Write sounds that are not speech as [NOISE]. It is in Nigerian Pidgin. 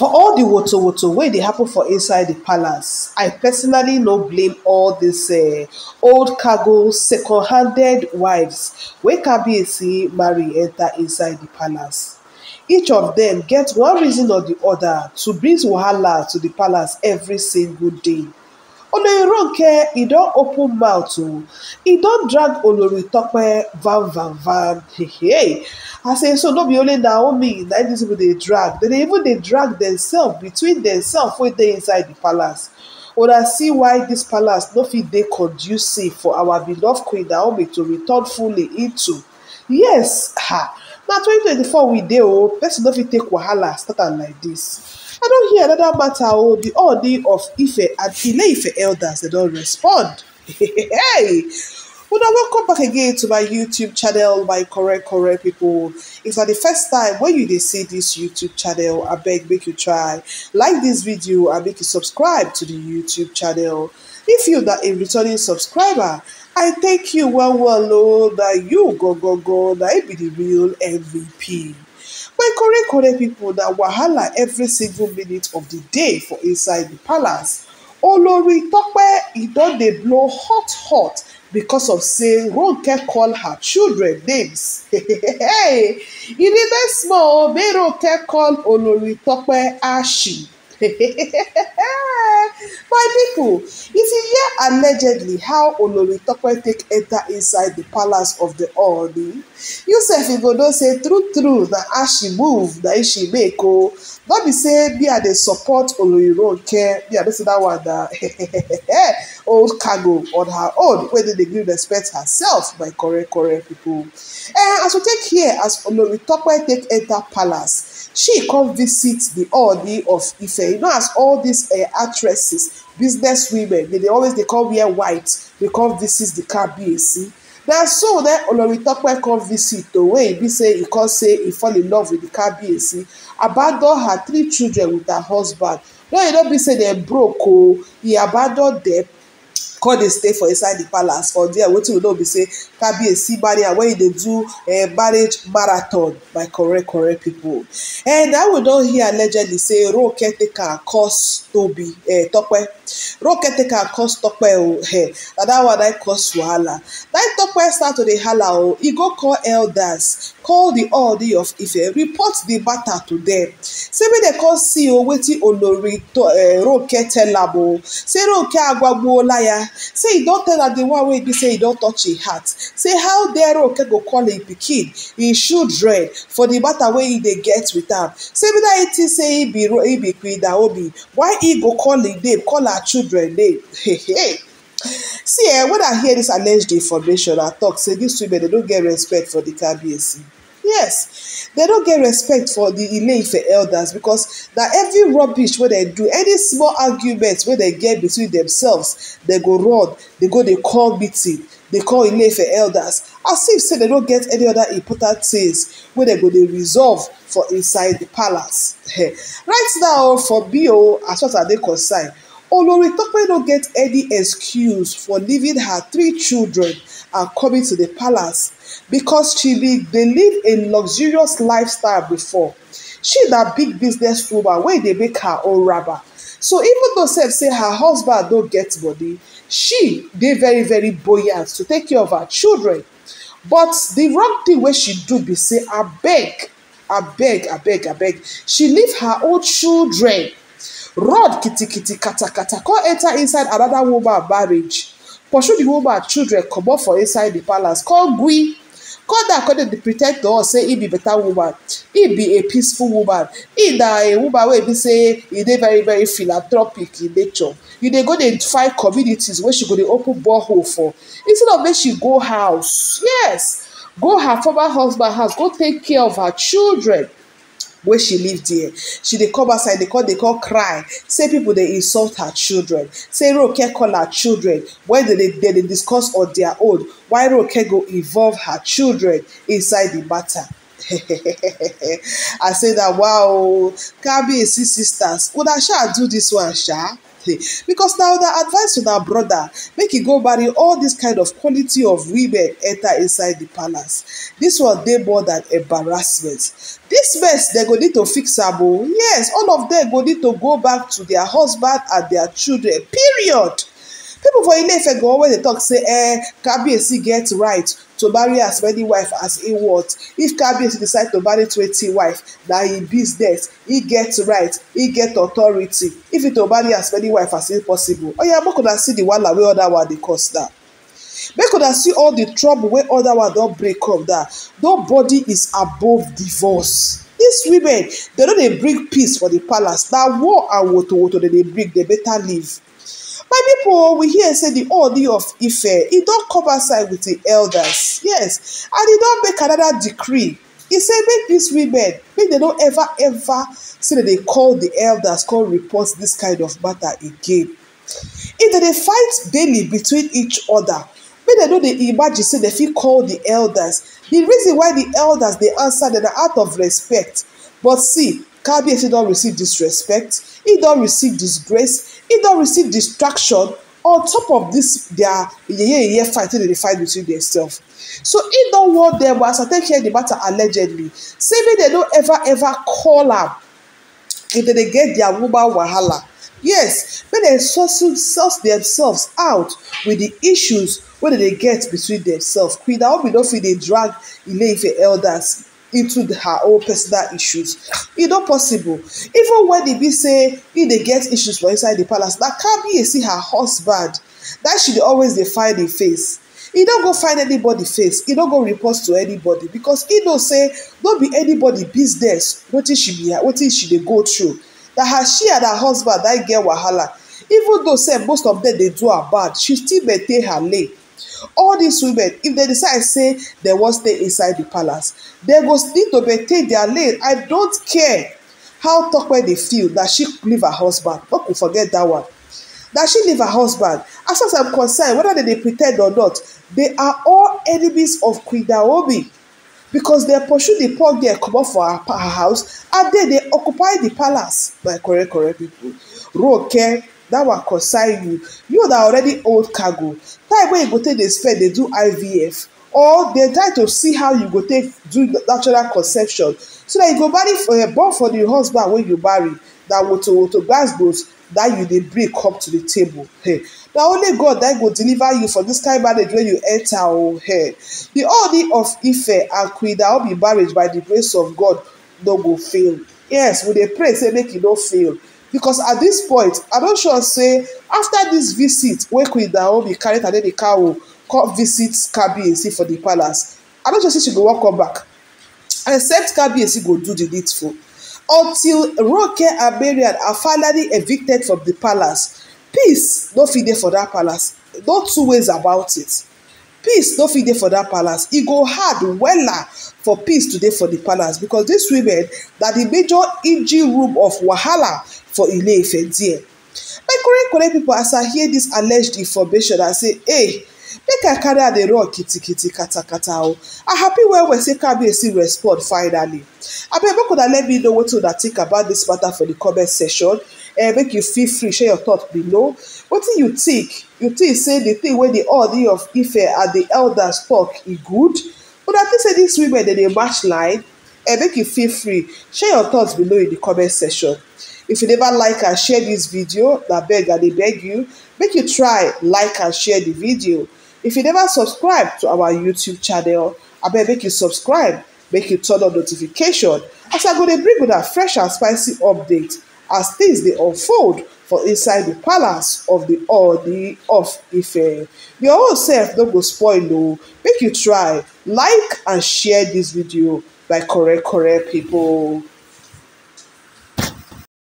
For all the woto woto wey dey happen for inside the palace, I personally no blame all these uh, old cargo second-handed wives wey Kabiyesi marry enter inside the palace. Each of them get one reason or the other to bring wahala to the palace every single day. Olorirunke, he don open mouth o, he don drag Olori Tope van van van. Hey, I say so no be only Naomi na these people dey drag, dem dey even dey drag themselves between themselves wey dey inside the palace. Una see why this palace no fit dey conducive for our beloved Queen Naomi to return fully into. Yes, ha, na 2024 we dey o, person no fit take wahala start am like this. i don't hear another matter Oh, the order of ife and ileife elders don't respond [LAUGHS] hey una welcome back again to my youtube channel my correct correct people. if for the first time when you did see this youtube channel I beg make you try like this video and make you subscribe to the youtube channel if you na a returning subscriber i thank you well well Lord, oh, That you go go go That e be the real mvp Kpekore correct people that wahala every single minute of the day for inside the palace. Olori Tope e don't they blow hot hot because of saying Ronke call her children names. [LAUGHS] e dey vex small o, make call Olori Tope Ashi. [LAUGHS] my people, if you hear allegedly how olori tope take enter inside the palace of the Ooni you sef you go know say true true na as she move na if she make o oh. no be say me i dey support olorirunke me i no say that one na [LAUGHS] eh, old cargo on her own whether they dey gree respect herself by correct correct and as we take here as oloritope take enter palace she come visit the ooni of ife you know as all these eh, actresses business women they dey always they come wear white They come visit di kabiyesi Now, so then oloritope come visit the way he be say he come say he fall in love with the kabiyesi abandon her three children with her husband no e no be say they broke he oh. abandon them. come dey stay for inside the palace for there wetin we know be say kabiyesi barrier wey e dey do eh, marriage marathon by correct correct people, and i we don hear allegedly say role caretaker cause tobi eh, tope rocketeka cause tope o eh na dat one na cause wahala that tope start to dey hala o e go call elders call the aldi of ife report the matter to dem say make dem come see o wetin olori eh, roke tell am o say roke agwagbuola ya say e don tell am the one wey be say e don touch im e heart say how dare roke go call im e pikin im e children for the matter wey e dey get with am say make dat e think say e be queen naomi why e go call im name call her children name see eh when i hear this alleged information i talk say these women dem no get respect for the KBC. E. yes dem no get respect for the ileife elders because na every rubbish wey dem do any small argument wey dem get between themselves dem go run dey go dey call meeting dey call ileife elders as if say dem no get any other important things wey dem go dey resolve for inside the palace [LAUGHS] right now for bio oh, as far as i dey concerned Olori do no get any excuse for leaving her three children and coming to the palace because she lived, they lived a luxurious lifestyle before. She that big business woman where they make her own rubber. So even though Seth say her husband don't get money, she they very very buoyant to take care of her children. But the wrong thing when she do be say I I beg beg I beg I beg she leave her own children Rod kitikiti katakata come enter inside another woman marriage. Pursue the woman children comot for inside the palace. Call Gui. Call that according to pre ten d to us say he be better woman. He be a peaceful woman. He na a woman wey be say he dey very very philanthropic in nature. He dey go dey find communities wey she go dey open borehole for. Instead of make she go house. Yes. Go her former husband house. Go take care of her children wey she live there she dey come outside dey come dey come cry say people dey insult her children say roke call her children when they dey they dey discuss on their own why roke go involve her children inside the matter [LAUGHS] i say na wow Kabi and kabiyesi sisters una sha do this one sha because now the advice to that brother make he go marry all this kind of quality of women enter inside the palace. This one dey more than embarrassment. This mess they go need to fix am o. Oh. Yes, all of them go need to go back to their husband and their children. Period. People for Ile-Ife go always dey talk say eh, Kabiyesi get right to marry as many wife as he wants. if kabiyesi decide to marry twenty wife na him business he get right he get authority if he to marry as many wife as he possible oya make una see the wahala wey other one dey cause now make una see all the trouble wey other one don break up now nobody is above divorce these women they don't dey bring peace for the palace na war and wotowoto dem They bring They better leave my people, we hear say the order of ife e don't come outside wit di elders yes and e don't make another decree e say make dis women make they don't ever ever say that they call the elders call reports this kind of matter again if they fight daily between each other make they know they imagine say dem fit call the elders The reason why the elders they answer dem na out of respect but see kabiyesi don receive disrespect e don't receive disgrace either receive distraction on top of this their yeye yeye fight wey dey fight between themselves so e don warn dem but as i take hear the matter allegedly say make They no ever ever call am if they dey get their woman wahala yes make they source themselves out with the issues wey they dey get between themselves queen I hope naomi no fit dey drag ile ife elders into her own personal issues e no possible even when e be say e dey get issues for inside the palace na kabie see her husband that she dey always dey find im face e no go find anybody face e no go report to anybody because e know say no be anybody business wetin she be wetin she dey go through na her she and her husband na get wahala even though say most of them dey do her bad she still maintain her lane all dis women if dem decide say dem wan stay inside di palace dem go need to maintain dia lane i don't care how tokpe dey feel na she leave her husband make we forget dat one na she leave her husband as far as i'm concerned whether dem dey pretend or not they are all enemies of queen naomi because dem pursue the poor girl comot for her house and then dey occupy the palace by correct correct pipo roke that will concern you you that already old cargo time wey you go take dey spend dey do ivf or dey try to see how you go take do natural conception so that you go marry for uh, born for the husband wey you marry na woto woto gas goes that you dey bring come to the table hey. Eh. na only god na go deliver you from this kind marriage wey you enter o oh, hey. Eh. the honey of ife and queen be marriage by the grace of god no go fail yes we dey pray say make e no fail because at this point i don sure say after this visit wey queen naomi carry tadenikawo come visit kabiyesi for di palace i don sure say she go wan come back except kabiyesi go do the needful until roke and marian are finally evicted from the palace peace no fit dey for that palace no two ways about it peace no fit dey for that palace e go hard wella for peace to dey for the palace because dis women na the major engine room of wahala for ile ife there. my korean korean people as i hear this alleged information i say hey eh, make i carry her dey run kitikiti katakata o i happy well well say kabiyesi respond finally abeg make una let me know wetin una think about dis matter for di comment section uh, make you feel free share your thoughts below wetin you think you think say di thing wey di Ooni of Ife and di elders talk e good una think say dis women dey dey match line uh, make you feel free share your thoughts below in di comment section if you never like and share dis video na beg i dey beg you make you try like and share di video if you never subscribe to our youtube channel abeg make you subscribe make you turn on notification as i go dey bring una fresh and spicy update as things dey unfold for inside the palace of di Ooni of Ife. Your own self no go spoil o, make you try like and share this video by correct correct people.